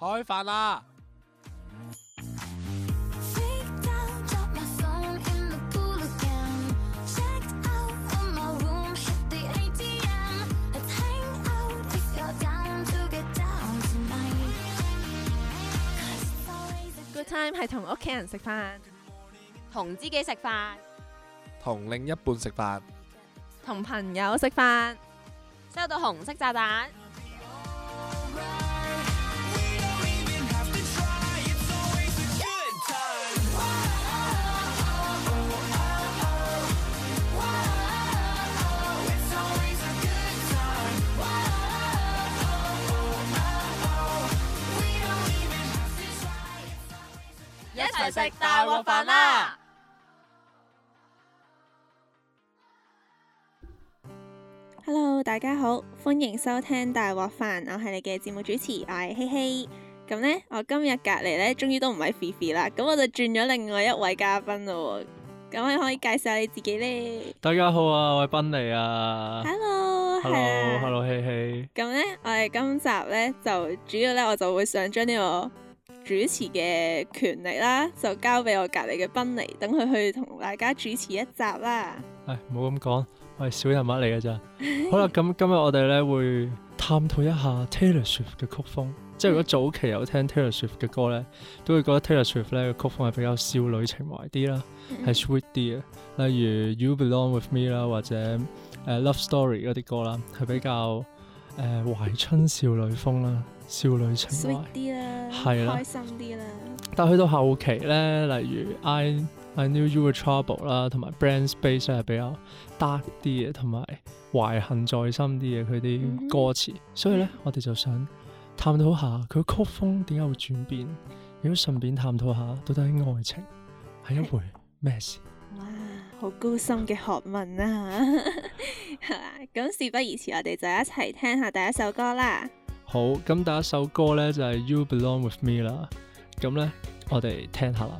開飯啦！Good time 係同屋企人食飯，同知己食飯，同另一半食飯，同朋友食飯，收到紅色炸彈。食大鑊飯啦！Hello，大家好，歡迎收聽大鑊飯，我係你嘅節目主持，我係希希。咁 呢，我今日隔籬呢，終於都唔係肥肥啦，咁我就轉咗另外一位嘉賓咯。咁你可以介紹下你自己呢？大家好啊，我係賓尼啊。Hello，係啊。Hello，希希。咁 呢，我哋今集呢，就主要呢，我就會想將呢，這個。主持嘅權力啦，就交俾我隔離嘅賓尼，等佢去同大家主持一集啦。唉，唔好咁講，我係小人物嚟嘅咋。 好啦，咁、嗯、今日我哋咧會探討一下 Taylor Swift 嘅曲風。即係如果早期有聽 Taylor Swift 嘅歌咧，都會覺得 Taylor Swift 咧嘅曲風係比較少女情懷啲啦，係 sweet 啲嘅。例如 You Belong With Me 啦，或者誒、uh, Love Story 嗰啲歌啦，係比較誒懷、uh, 春少女風啦。少女情懷啲啦，係啦，開心啲啦。但係去到後期咧，例如 I I knew you were trouble 啦，同埋 Blank Space 係比較 dark 啲嘅，同埋懷恨在心啲嘅佢啲歌詞。嗯、哼所以咧，我哋就想探討下佢曲風點解會轉變，亦都順便探討下到底愛情係一回咩事？哇，好高深嘅學問啊！係嘛，咁事不宜遲，我哋就一齊聽下第一首歌啦。好，咁第一首歌呢就係 You Belong With Me 啦，咁呢我哋聽下啦。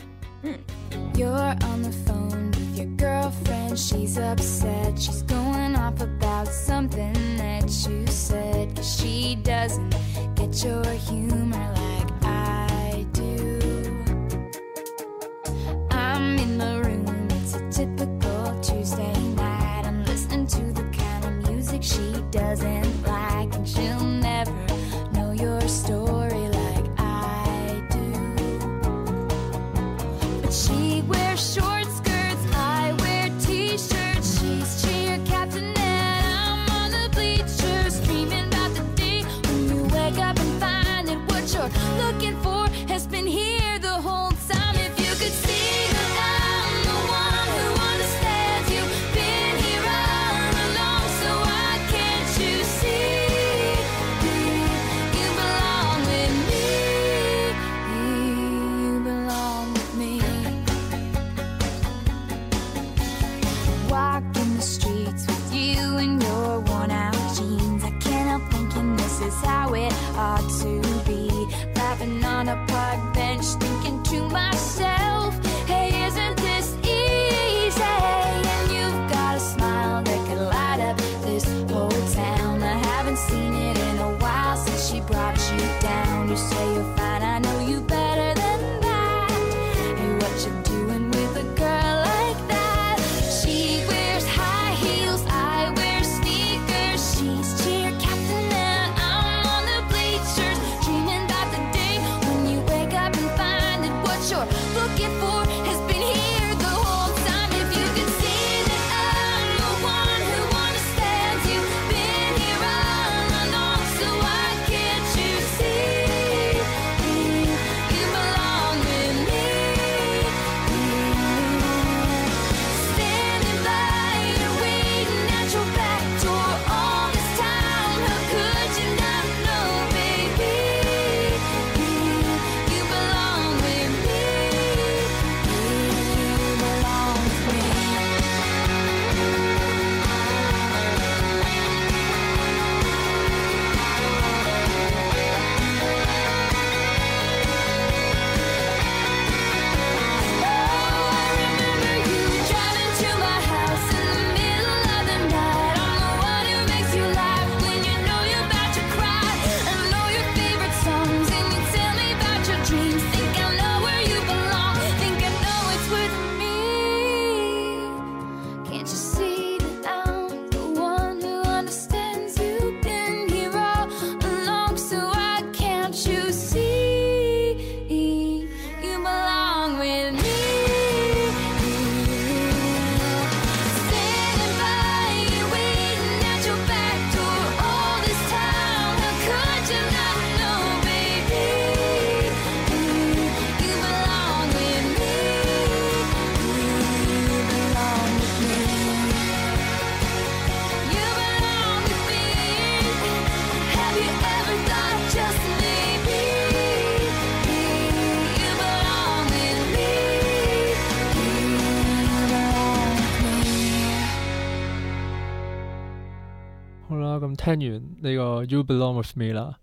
好啦，咁聽完呢個 You Belong With Me 啦，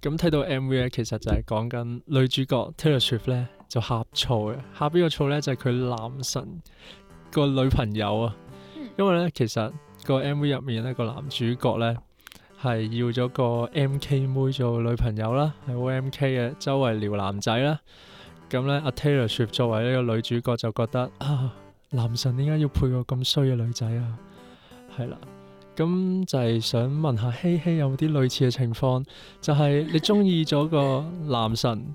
咁睇到 M V 咧，其實就係講緊女主角 Taylor Swift 咧就呷醋嘅，呷邊個醋咧就係佢男神個女朋友啊，因為咧，其實個 M V 入面咧，個男主角咧係要咗個 M K 妹做女朋友啦，係好 M K 嘅，周圍撩男仔啦，咁咧阿 Taylor Swift 作為呢個女主角就覺得啊男神點解要配個咁衰嘅女仔啊，係啦。咁就係想問下希、hey、希、hey，有冇啲類似嘅情況？ 就係你中意咗個男神，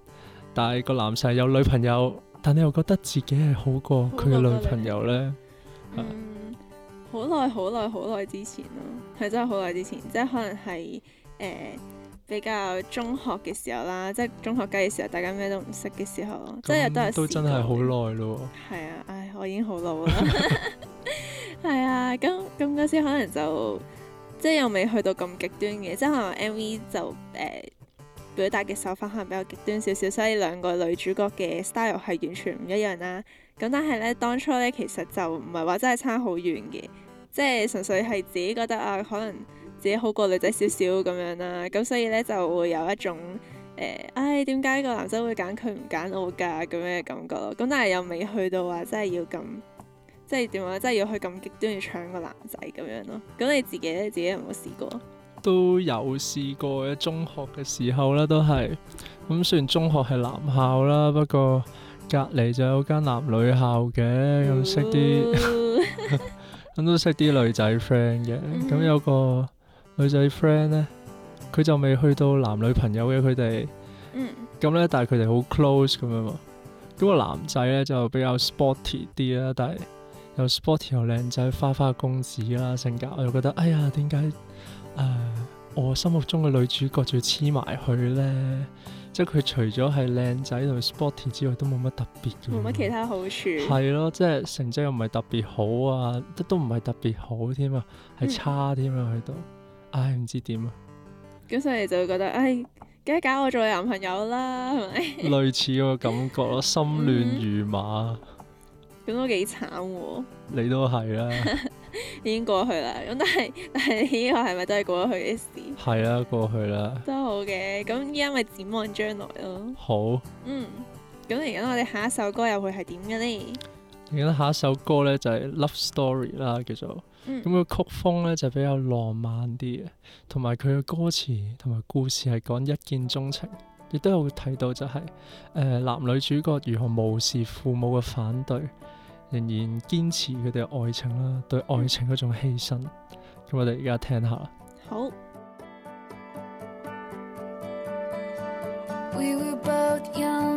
但係個男神有女朋友，但你又覺得自己係好過佢嘅女朋友呢？好耐好耐好耐之前咯，係真係好耐之前，即係可能係誒。呃比較中學嘅時候啦，即係中學雞嘅時候，大家咩都唔識嘅時候，那即係又都係都真係好耐咯。係啊，唉，我已經好老啦。係 啊，咁咁嗰時可能就即係又未去到咁極端嘅，即係可能 MV 就誒、呃、表達嘅手法可能比較極端少少，所以兩個女主角嘅 style 係完全唔一樣啦。咁但係咧，當初咧其實就唔係話真係差好遠嘅，即係純粹係自己覺得啊、呃，可能。自己好過女仔少少咁樣啦，咁所以咧就會有一種誒，唉點解個男仔會揀佢唔揀我㗎咁樣嘅感覺咯。咁但係又未去到話真係要咁，即係點話？真係要，要去咁極端去搶個男仔咁樣咯。咁你自己咧，自己有冇試過？都有試過嘅，中學嘅時候咧都係，咁雖然中學係男校啦，不過隔離就有間男女校嘅，咁識啲，咁、哦、 都識啲女仔 friend 嘅，咁有個。女仔 friend 咧，佢就未去到男女朋友嘅佢哋。嗯。咁咧，但係佢哋好 close 咁樣嘛。咁個男仔咧就比較 sporty 啲啦，但係又 sporty 又靚仔花花公子啦、啊，性格我就覺得，哎呀，點解誒我心目中嘅女主角最黐埋佢咧？即係佢除咗係靚仔同 sporty 之外，都冇乜特別嘅。冇乜其他好處。係咯， 即係成績又唔係特別好啊，都唔係特別好添啊，係差添啊，喺度、嗯。唉，唔知點啊！咁所以就會覺得，唉，梗係搞我做你男朋友、嗯、啦，係咪？類似嗰個感覺咯，心亂如麻。咁都幾慘喎！你都係啦，已經過去啦。咁但係但係呢個係咪都係過咗去嘅事？係啦、啊，過去啦。都好嘅，咁依家咪展望將來咯。好。嗯。咁而家我哋下一首歌又會係點嘅呢？而家下一首歌咧就係、是、Love Story 啦，叫做。咁佢、嗯、曲風咧就比較浪漫啲嘅，同埋佢嘅歌詞同埋故事係講一見鍾情，亦都有提到就係、是、誒、呃、男女主角如何無視父母嘅反對，仍然堅持佢哋嘅愛情啦，對愛情嗰種犧牲。咁、嗯、我哋而家聽下。好。We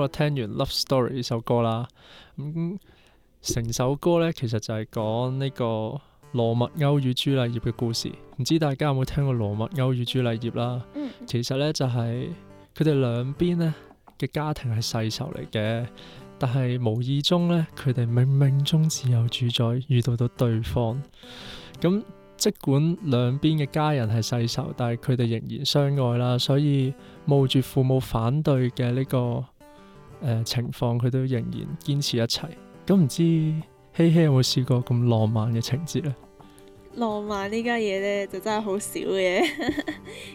我聽完《Love Story》呢首歌啦，咁、嗯、成首歌呢，其實就係講呢個羅密歐與朱麗葉嘅故事。唔知大家有冇聽過羅密歐與朱麗葉啦？嗯、其實呢，就係佢哋兩邊呢嘅家庭係世仇嚟嘅，但係無意中呢，佢哋冥冥中自有主宰，遇到到對方。咁，即管兩邊嘅家人係世仇，但係佢哋仍然相愛啦。所以冒住父母反對嘅呢、這個。誒、呃、情況佢都仍然堅持一齊，咁唔知希希有冇試過咁浪漫嘅情節呢？浪漫呢家嘢呢，就真係好少嘅，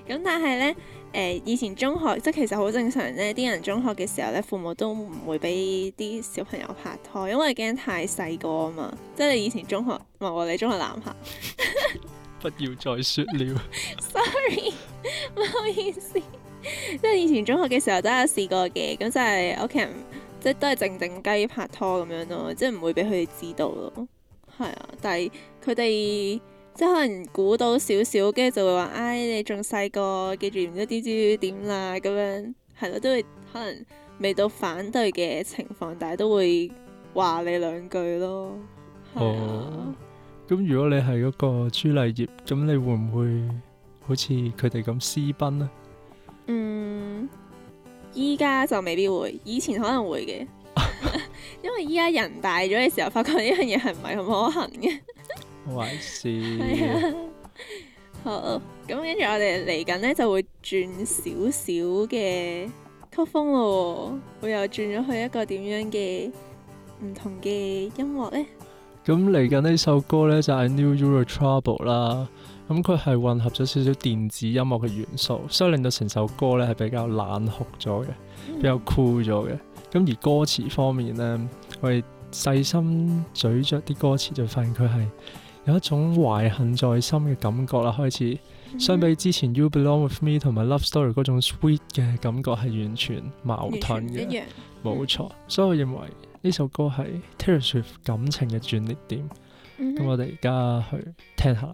咁 但係呢，誒、呃、以前中學即係其實好正常呢，啲人中學嘅時候呢，父母都唔會俾啲小朋友拍拖，因為驚太細個啊嘛。即係你以前中學，唔係我哋中學男校， 不要再説了 Sorry。Sorry， 唔好意思。即係 以前中學嘅時候都有試過嘅，咁就係屋企人即係都係靜靜雞拍拖咁樣咯，即係唔會俾佢哋知道咯。係啊，但係佢哋即係可能估到少少，跟住就會話：唉、哎，你仲細個，記住唔知啲知點啦，咁樣係咯、啊，都會可能未到反對嘅情況，但係都會話你兩句咯。啊、哦，咁如果你係嗰個朱麗葉，咁你會唔會好似佢哋咁私奔呢？嗯，依家就未必會，以前可能會嘅， 因為依家人大咗嘅時候，發覺 事 呢樣嘢係唔係咁可行嘅。壞事係啊，好，咁跟住我哋嚟緊呢就會轉少少嘅曲風咯，我又轉咗去一個點樣嘅唔同嘅音樂呢？咁嚟緊呢首歌呢，就係、是、New York Trouble 啦。咁佢係混合咗少少電子音樂嘅元素，所以令到成首歌咧係比較冷酷咗嘅，比較酷咗嘅。咁而歌詞方面咧，我哋細心咀嚼啲歌詞就發現佢係有一種懷恨在心嘅感覺啦。開始、嗯、哼相比之前《You Belong With Me》同埋《Love Story》嗰種 sweet 嘅感覺，係完全矛盾嘅，冇錯、嗯嗯。所以我認為呢首歌係 Taylor Swift 感情嘅轉捩點。咁、嗯、哼我哋而家去聽，聽下。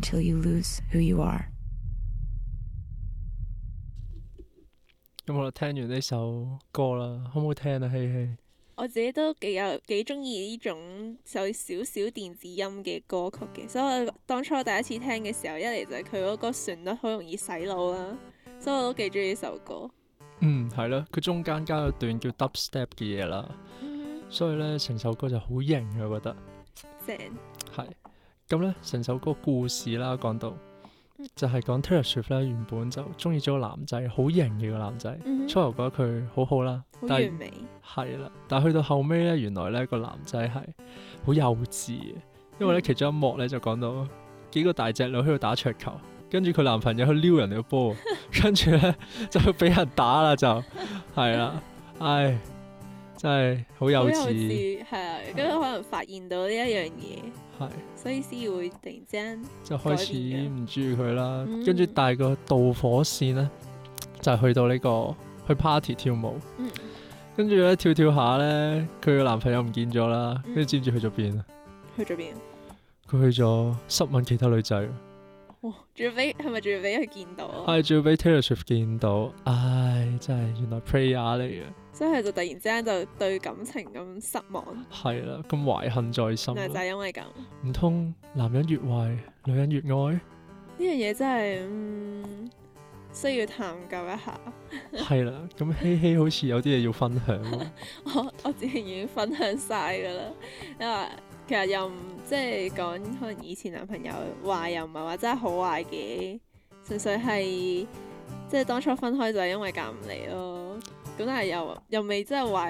Till you lose who you are. 咁、嗯、我就聽完呢首歌啦，好唔好聽啊？嘿、hey、嘿、hey，我自己都幾有幾中意呢種有少少電子音嘅歌曲嘅，所以我當初我第一次聽嘅時候，一嚟就係佢嗰個旋律好容易洗腦啦，所以我都幾中意呢首歌。嗯，係啦，佢中間加咗段叫 Dubstep 嘅嘢啦，所以咧成首歌就好型，我覺得。正。咁咧，成首歌故事啦，講到就係講 Taylor Swift 咧，原本就中意咗個男仔，好型嘅個男仔，mm hmm. 初頭覺得佢好好啦，但係完美，係啦，但係去到後尾咧，原來咧個男仔係好幼稚嘅，因為咧其中一幕咧就講到幾個大隻女喺度打桌球，跟住佢男朋友去撩人哋個波，跟住咧就俾人打啦，就係啦，唉，真係好幼稚，係啊，跟住對可能發現到呢一樣嘢。.係，對所以先會突然間就開始唔注意佢啦，嗯、跟住帶個導火線咧，就係、去到呢、呢個去 party 跳舞，嗯、跟住咧跳跳下咧，佢嘅男朋友唔見咗啦，嗯、跟住知唔知去咗邊啊？去咗邊？佢去咗濕吻其他女仔。仲要俾係咪仲要俾佢見到？係仲 要俾 Taylor Swift 見到？唉，真係原來 Prayer 嚟嘅，所以就突然之間就對感情咁失望。係啦，咁 懷恨在心。就係因為咁。唔通男人越壞，女人越愛？呢樣嘢真係、嗯、需要探究一下。係 啦，咁希希好似有啲嘢要分享 我。我我之前已經分享晒噶啦，因為。其實又唔即係講，可能以前男朋友壞又唔係話真係好壞嘅，純粹係即係當初分開就係因為夾唔嚟咯。咁但係又又未真係話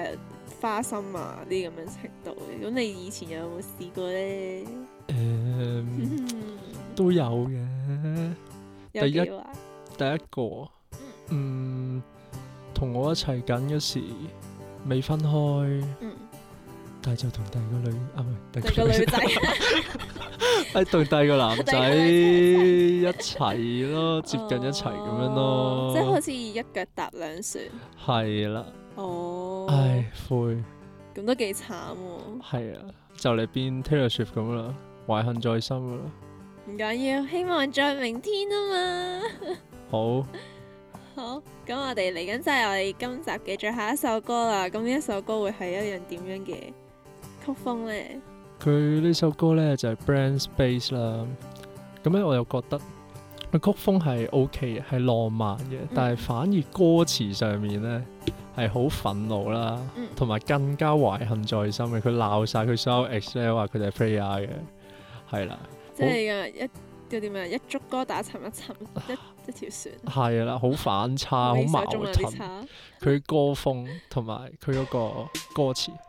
花心啊啲咁樣程度。咁你以前有冇試過咧？誒，um, 都有嘅。 有幾個？第一，第一個，嗯，同、嗯、我一齊緊嘅時未分開。嗯就同第二個女啊，咪第二個女仔，係同第二個男仔一齊咯，接近一齊咁樣咯，即係好似一腳踏兩船，係啦，哦，唉，灰咁都幾慘，係啊，就嚟變 Taylor Swift 咁啦，懷恨在心噶啦，唔緊要，希望在明天啊嘛，好好咁，我哋嚟緊就係我哋今集嘅最後一首歌啦。咁呢一首歌會係一樣點樣嘅？曲風咧，佢呢首歌咧就係 Brand Space 啦。咁咧我又覺得佢曲風係 OK，係浪漫嘅，但係反而歌詞上面咧係好憤怒啦，同埋更加懷恨在心嘅。佢鬧晒佢所有 ex 咧話佢哋係 player 嘅，係啦、嗯。即係啊，一叫點啊，一竹篙打沉一沉，一一條船。係啦，好反差，好、嗯、矛盾。佢、嗯、歌風同埋佢嗰個歌詞。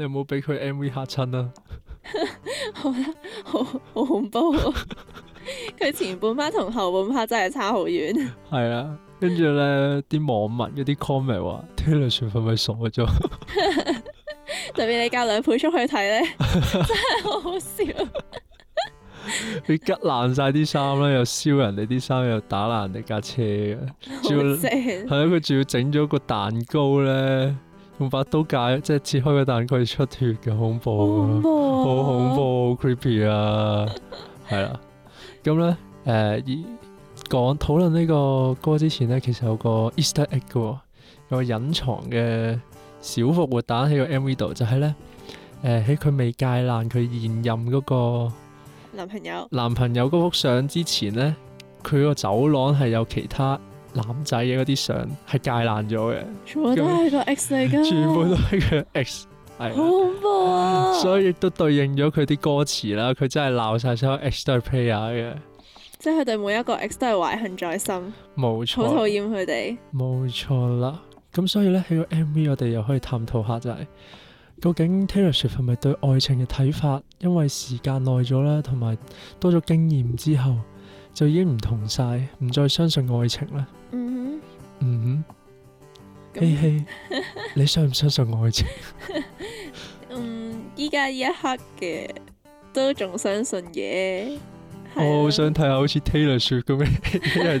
你有冇俾佢 M V 嚇親啊？ 好啦，好好恐怖、哦。佢 前半 part 同後半 part 真係差好遠。係 啊，跟住咧啲網民嗰啲 comment 話 Taylor Swift 咪傻咗？ 特別你教兩倍速去睇咧，真係好好笑。佢吉爛晒啲衫啦，又燒人哋啲衫，又打爛人哋架車嘅，仲 棒要係啊！佢仲要整咗個蛋糕咧。用把刀界，即係切開個蛋佢出血嘅，恐怖，好恐怖，creepy 啊，係啦。 咁咧，誒、呃，講討論呢個歌之前咧，其實有個 Easter Egg 嘅、哦，有個隱藏嘅小復活蛋喺個 MV 度，就係、是、咧，誒、呃，喺佢未界爛佢現任嗰個男朋友男朋友嗰幅相之前咧，佢個走廊係有其他。男仔嘅嗰啲相係戒爛咗嘅，全部都係個 X 嚟嘅， 全部都係佢個 X，係好恐怖啊！所以亦都對應咗佢啲歌詞啦，佢真係鬧晒所有 X 都係 player 嘅，即係佢對每一個 X 都係懷恨在心，冇錯，好討厭佢哋，冇錯啦。咁所以呢，喺個 MV 我哋又可以探討下就係、是，究竟 Taylor Swift 係咪對愛情嘅睇法，因為時間耐咗啦，同埋多咗經驗之後。就已經唔同晒，唔再相信愛情啦。嗯哼，嗯哼，希希，你相信唔相信愛情？嗯，依家呢一刻嘅都仲相信嘅。我好想睇下好似 Taylor Swift 咁樣，係點？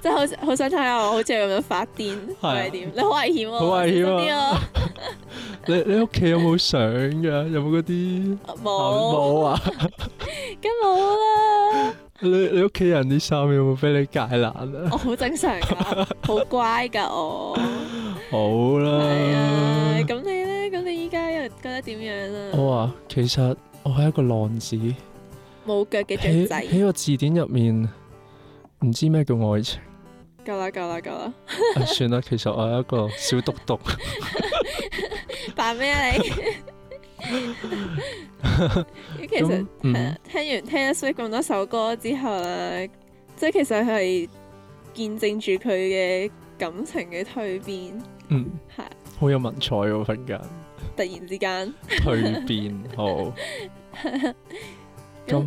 即係好好想睇下我好似咁樣發癲係點？你好危險喎！好危險啊！你你屋企有冇相噶？有冇嗰啲？冇冇啊？咁冇啦。你你屋企人啲衫有冇俾你戒爛 好吧 啊？我好正常噶，好乖噶我。好啦。咁你咧？咁你依家又覺得點樣啊？我啊，其實我係一個浪子，冇腳嘅雀仔。喺個字典入面，唔知咩叫愛情。夠啦夠啦夠啦。算啦，其實我係一個小毒毒。扮 咩、啊、你？ 其實、嗯、聽完聽一 week 咁多首歌之後咧，即係其實係見證住佢嘅感情嘅蛻變。嗯，係好是有文采喎、啊，突然之間蛻變，好。咁，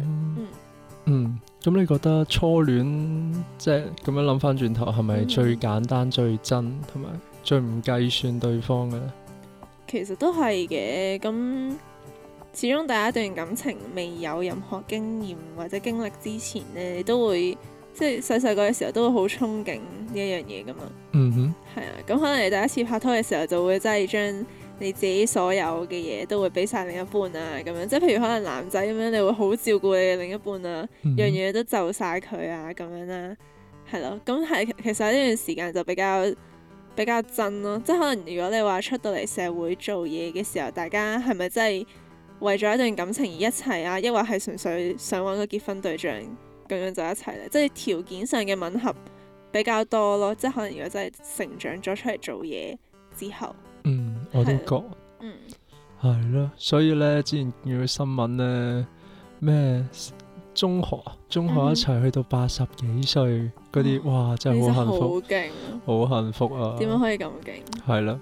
嗯，咁你覺得初戀即係咁樣諗翻轉頭，係咪、嗯、最簡單、最真，同埋最唔計算對方嘅咧？其實都係嘅，咁始終第一段感情未有任何經驗或者經歷之前呢，你都會即係細細個嘅時候都會好憧憬呢一樣嘢噶嘛。嗯哼，係啊，咁可能你第一次拍拖嘅時候就會真係將你自己所有嘅嘢都會俾晒另一半啊，咁樣即係譬如可能男仔咁樣，你會好照顧你嘅另一半啊，嗯哼，樣樣嘢都就晒佢啊，咁樣啦，係咯，咁係其實呢段時間就比較，比較真咯，即係可能如果你話出到嚟社會做嘢嘅時候，大家係咪真係為咗一段感情而一齊啊？抑或係純粹想揾個結婚對象咁樣就一齊咧，即係條件上嘅吻合比較多咯。即係可能如果真係成長咗出嚟做嘢之後，嗯，啦我都覺，嗯係咯，所以呢，之前見到新聞呢咩？呃中學啊，中學一齊去到八十幾歲，嗰啲、嗯、哇真係好幸福，好勁、啊，好幸福啊！點樣可以咁勁？係啦，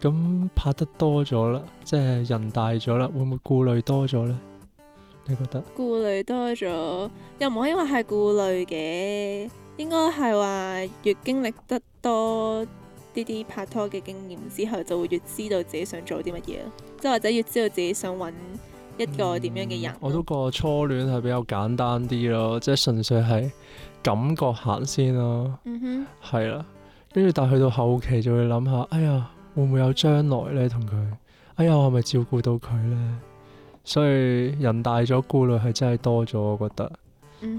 咁拍得多咗啦，即係人大咗啦，會唔會顧慮多咗呢？你覺得？顧慮多咗，又唔可以話係顧慮嘅，應該係話越經歷得多呢啲拍拖嘅經驗之後，就會越知道自己想做啲乜嘢啦，即係或者越知道自己想揾。一個點樣嘅人？嗯、我都覺初戀係比較簡單啲咯，即係純粹係感覺行先咯。嗯哼，係啦，跟住但係去到後期就會諗下，哎呀，會唔會有將來呢？同佢，哎呀，我係咪照顧到佢呢？所以人大咗，顧慮係真係多咗。我覺得，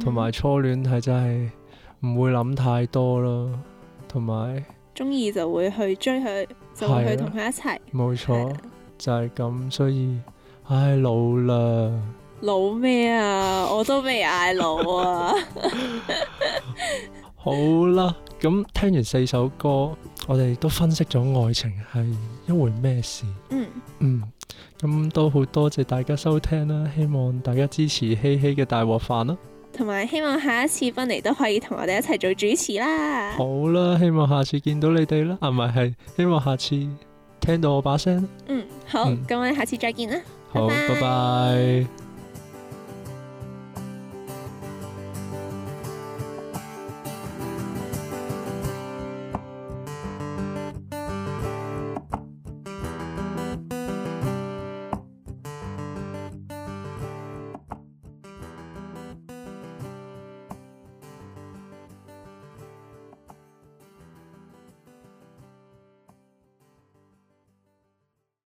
同埋、嗯、哼初戀係真係唔會諗太多咯，同埋中意就會去追佢，就會去同佢一齊。冇錯，錯了就係咁，所以。唉，老啦，老咩啊？我都未嗌老啊。 好啦，咁聽完四首歌，我哋都分析咗愛情係一回咩事。嗯嗯，咁、嗯、都好多謝大家收聽啦，希望大家支持希希嘅大鑊飯啦，同埋希望下一次翻嚟都可以同我哋一齊做主持啦。好啦，希望下次見到你哋啦，係咪？系系，希望下次聽到我把聲。嗯，好，咁、嗯、我哋下次再見啦。好，拜拜。